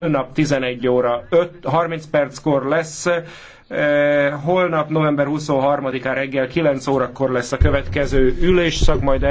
holnap 11 óra 5, 30 perckor lesz, eh, holnap november 23-án reggel 9 órakor lesz a következő ülésszak, majd